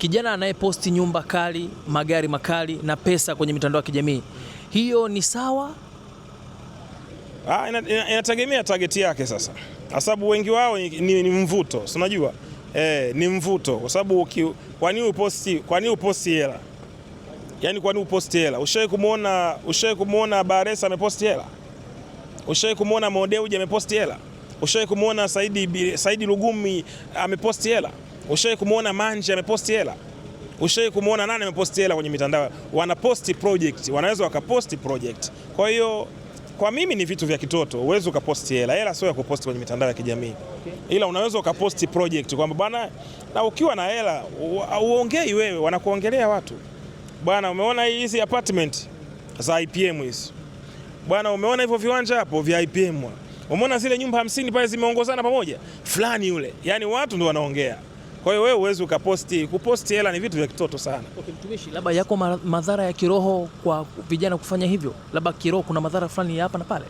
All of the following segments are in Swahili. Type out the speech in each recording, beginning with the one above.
Kijana anayeposti nyumba kali, magari makali na pesa kwenye mitandao ya kijamii, hiyo ni sawa? Ah, inategemea target yake sasa, kwa sababu wengi wao ni, ni, ni mvuto, si unajua eh, ni mvuto kwa sababu kwa nini uposti, kwa nini uposti hela? yani, kwa nini uposti hela? Ushawahi kumuona, ushawahi kumuona Baresa ameposti hela? Ushawahi kumuona Modeuji ameposti hela? Ushawahi kumuona Saidi Saidi Lugumi ameposti hela? Ushawahi kumuona Manje ameposti hela? Ushawahi kumuona nani ameposti hela kwenye mitandao? Wanaposti project, wanaweza wakaposti project. Kwa hiyo kwa mimi ni vitu vya kitoto. Uwezi ukaposti hela, hela sio ya kuposti kwenye mitandao ya kijamii, ila unaweza ukaposti project kwamba bwana, na ukiwa na hela uongei wewe, wanakuongelea watu bwana, umeona hizi apartment za IPM hizi bwana, umeona hivyo viwanja hapo vya IPM, umeona zile nyumba hamsini pale zimeongozana pamoja, fulani yule, yaani watu ndio wanaongea. Kwa hiyo wewe huwezi ukaposti, kuposti hela ni vitu vya kitoto sana. Okay, mtumishi, labda yako madhara ya kiroho kwa vijana kufanya hivyo, labda kiroho kuna madhara fulani hapa na pale?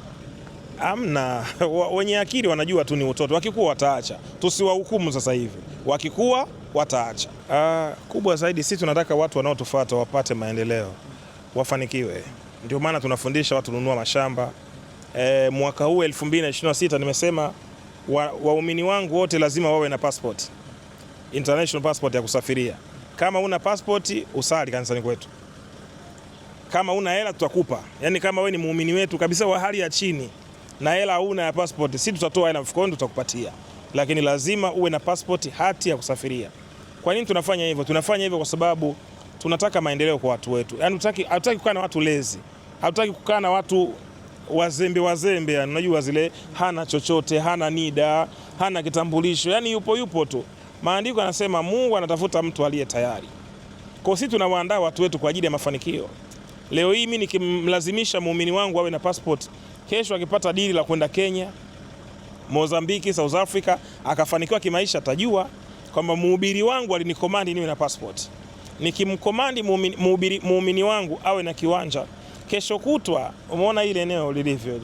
Amna, wenye akili wanajua tu ni utoto, wakikuwa wataacha. Tusiwahukumu sasa hivi, wakikuwa wataacha. Aa, ah, kubwa zaidi sisi tunataka watu wanaotufuata wapate maendeleo, wafanikiwe. Ndio maana tunafundisha watu nunua mashamba. E, mwaka huu 2026 nimesema waumini wa wangu wote lazima wawe na passport international passport ya kusafiria. Kama una passport usali kanisani kwetu, kama una hela tutakupa. Yaani kama wewe ni muumini wetu kabisa wa hali ya chini na hela una ya passport, sisi tutatoa hela mfukoni, tutakupatia, lakini lazima uwe na passport, hati ya kusafiria. Kwa nini tunafanya hivyo? Tunafanya hivyo kwa sababu tunataka maendeleo kwa watu wetu. Yani hatutaki kukaa na watu lezi, hatutaki kukaa na watu wazembe wazembe, yani unajua zile, hana chochote, hana nida, hana kitambulisho, Yaani yupo yupo tu. Maandiko yanasema Mungu anatafuta mtu aliye tayari. Kwa sisi tunawaandaa watu wetu kwa ajili ya mafanikio. Leo hii mimi nikimlazimisha muumini wangu awe na passport, kesho akipata dili la kwenda Kenya, Mozambiki, South Africa, akafanikiwa kimaisha, atajua kwamba muhubiri wangu alinikomandi niwe na passport. Nikimkomandi muumini muumini wangu awe na kiwanja, kesho kutwa, umeona ile eneo lilivyo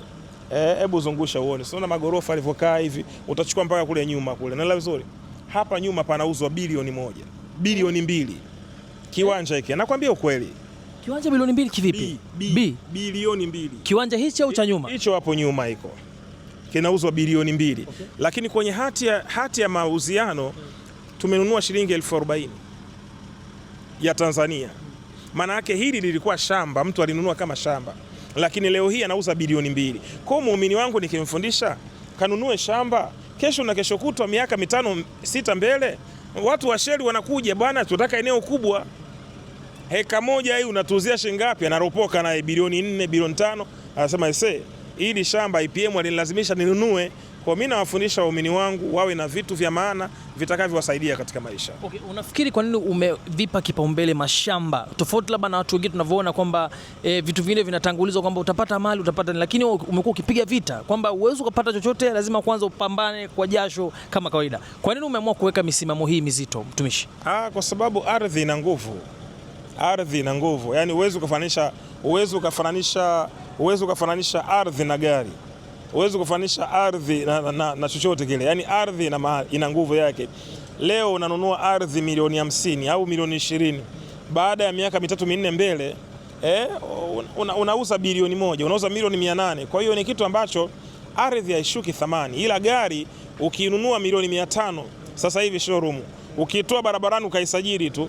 eh, hebu zungusha uone, sio na magorofa alivyokaa hivi, utachukua mpaka kule nyuma kule, naelewa vizuri hapa nyuma panauzwa bilioni moja bilioni mbili kiwanja hiki, nakwambia ukweli. Kiwanja bilioni mbili kivipi? Bilioni mbili kiwanja hichi au cha nyuma hicho? Hapo nyuma iko kinauzwa bilioni mbili okay. Lakini kwenye hati ya, hati ya mauziano tumenunua shilingi elfu arobaini ya Tanzania. Maana yake hili lilikuwa shamba, mtu alinunua kama shamba, lakini leo hii anauza bilioni mbili. Kwa muumini wangu nikimfundisha kanunue shamba kesho na kesho kutwa, miaka mitano sita mbele, watu wa sheli wanakuja, bwana, tunataka eneo kubwa, heka moja hii unatuuzia shilingi ngapi? Anaropoka naye bilioni nne bilioni tano, anasema ese, ili shamba IPM alinilazimisha ninunue. Kwa mimi nawafundisha waumini wangu wawe na vitu vya maana vitakavyowasaidia katika maisha. Okay, unafikiri kwa nini umevipa kipaumbele mashamba tofauti labda na watu wengine tunavyoona kwamba e, vitu vingine vinatangulizwa kwamba utapata mali utapata, lakini umekuwa ukipiga vita kwamba uwezi ukapata chochote, lazima kwanza upambane kwa jasho kama kawaida. Kwa nini umeamua kuweka misimamo hii mizito mtumishi? Ah, kwa sababu ardhi ina nguvu, ardhi ina nguvu, yaani uwezo ukafananisha uwezo ukafananisha uwezo ukafananisha ardhi na gari huwezi kufanisha ardhi na, na, na, na chochote kile, yani ardhi ina nguvu yake. Leo unanunua ardhi milioni hamsini au milioni ishirini baada ya miaka mitatu minne mbele eh, una, unauza bilioni moja, unauza milioni mia nane. Kwa hiyo ni kitu ambacho ardhi haishuki thamani, ila gari ukiinunua milioni mia tano sasa hivi showroom, ukitoa barabarani ukaisajili tu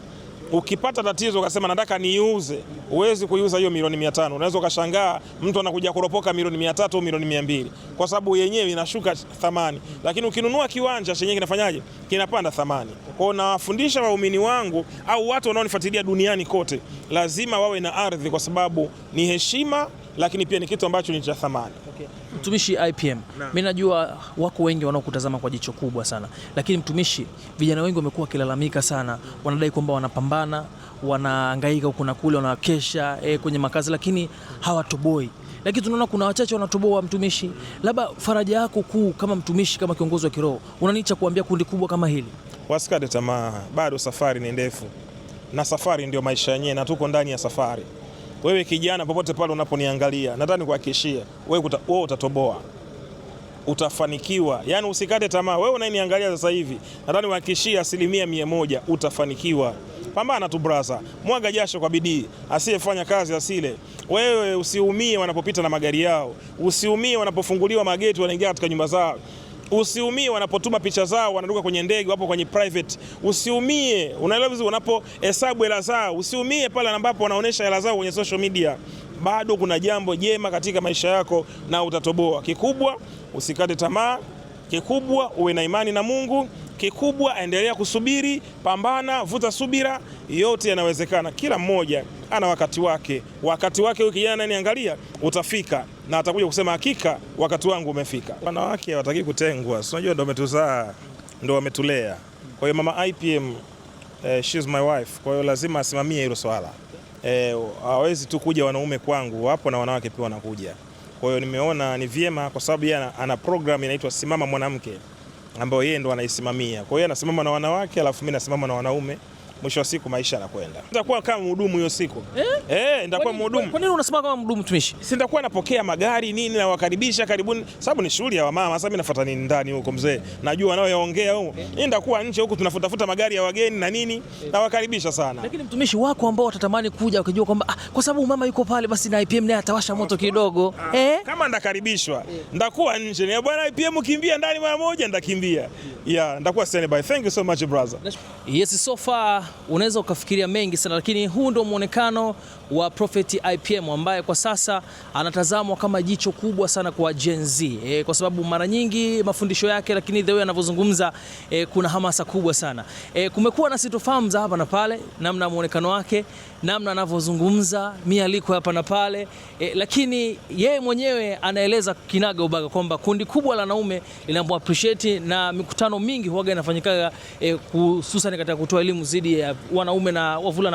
Ukipata tatizo ukasema nataka niiuze, huwezi kuiuza hiyo milioni mia tano. Unaweza ukashangaa mtu anakuja kuropoka milioni mia tatu au milioni mia mbili kwa sababu yenyewe inashuka thamani, lakini ukinunua kiwanja chenyewe kinafanyaje? Kinapanda thamani. Kwao nawafundisha waumini wangu au watu wanaonifuatilia duniani kote, lazima wawe na ardhi, kwa sababu ni heshima, lakini pia ni kitu ambacho ni cha thamani. Okay mtumishi IPM mimi najua wako wengi wanaokutazama kwa jicho kubwa sana, lakini mtumishi, vijana wengi wamekuwa wakilalamika sana, wanadai kwamba wanapambana, wanahangaika huku na kule, wanakesha e, eh, kwenye makazi, lakini hawatoboi lakini tunaona kuna wachache wanatoboa. Mtumishi, labda faraja yako kuu kama mtumishi, kama kiongozi wa kiroho, unanicha kuambia kundi kubwa kama hili, wasikate tamaa, bado safari ni ndefu, na safari ndio maisha yenyewe, na tuko ndani ya safari. Wewe kijana, popote pale unaponiangalia, nadhani kuhakikishia wewe, wewe utatoboa, utafanikiwa. yani usikate tamaa. Wewe unayeniangalia sasa hivi, nadhani kuhakikishia asilimia mia moja utafanikiwa. Pambana tu brasa, mwaga jasho kwa bidii, asiyefanya kazi asile. Wewe usiumie wanapopita na magari yao, usiumie wanapofunguliwa mageti wanaingia katika nyumba zao. Usiumie wanapotuma picha zao, wanaruka kwenye ndege, wapo kwenye private. Usiumie, unaelewa vizuri, wanapohesabu hela zao. Usiumie pale ambapo wanaonesha hela zao kwenye social media. Bado kuna jambo jema katika maisha yako na utatoboa. Kikubwa usikate tamaa, kikubwa uwe na imani na Mungu, kikubwa endelea kusubiri, pambana, vuta subira, yote yanawezekana. Kila mmoja ana wakati wake, wakati wake. Huyu kijana niangalia, utafika na atakuja kusema hakika wakati wangu umefika. Wanawake hawataki kutengwa, si unajua, ndo wametuzaa ndo wametulea. Kwa hiyo mama IPM, eh, she's my wife, kwa hiyo lazima asimamie hilo swala eh, hawezi tu kuja wanaume kwangu, wapo na wanawake pia wanakuja. Kwa hiyo nimeona ni vyema, kwa sababu yeye ana program inaitwa Simama Mwanamke ambayo yeye ndo anaisimamia. Kwa hiyo anasimama na wanawake, alafu mimi nasimama na wanaume mwisho wa siku maisha yanakwenda. Nitakuwa kama mhudumu hiyo siku eh? Eh, nitakuwa mhudumu. Kwa nini unasema kama mhudumu mtumishi? Si nitakuwa napokea magari nini, nawakaribisha karibuni, sababu ni shughuli ya wamama. Sasa mimi nafuata nini ndani huko mzee, najua nao yaongea huko eh? nitakuwa nje huko tunafutafuta magari ya wageni na nini eh? Nawakaribisha sana, lakini mtumishi wako ambao watatamani kuja wakijua kwamba ah, kwa sababu mama yuko pale, basi na IPM naye atawasha moto kidogo ah, eh? Kama ndakaribishwa eh, ndakuwa nje ni bwana IPM, kimbia ndani mara moja, ndakimbia yeah, ndakuwa standby. Thank you so much brother. Yes, so far unaweza ukafikiria mengi sana, lakini huu ndio mwonekano wa Prophet IPM ambaye kwa sasa anatazamwa kama jicho kubwa sana kwa Gen Z e, kwa sababu mara nyingi mafundisho yake, lakini the way anavyozungumza e, kuna hamasa kubwa sana e, kumekuwa na sitofahamu za hapa na pale, namna muonekano wake, namna anavyozungumza, mialiko hapa na pale e, lakini yeye mwenyewe anaeleza kinaga ubaga kwamba kundi kubwa la wanaume linampo appreciate na mikutano mingi huaga inafanyikaga e, hususan e, katika kutoa elimu zidi ya wanaume na wavulana.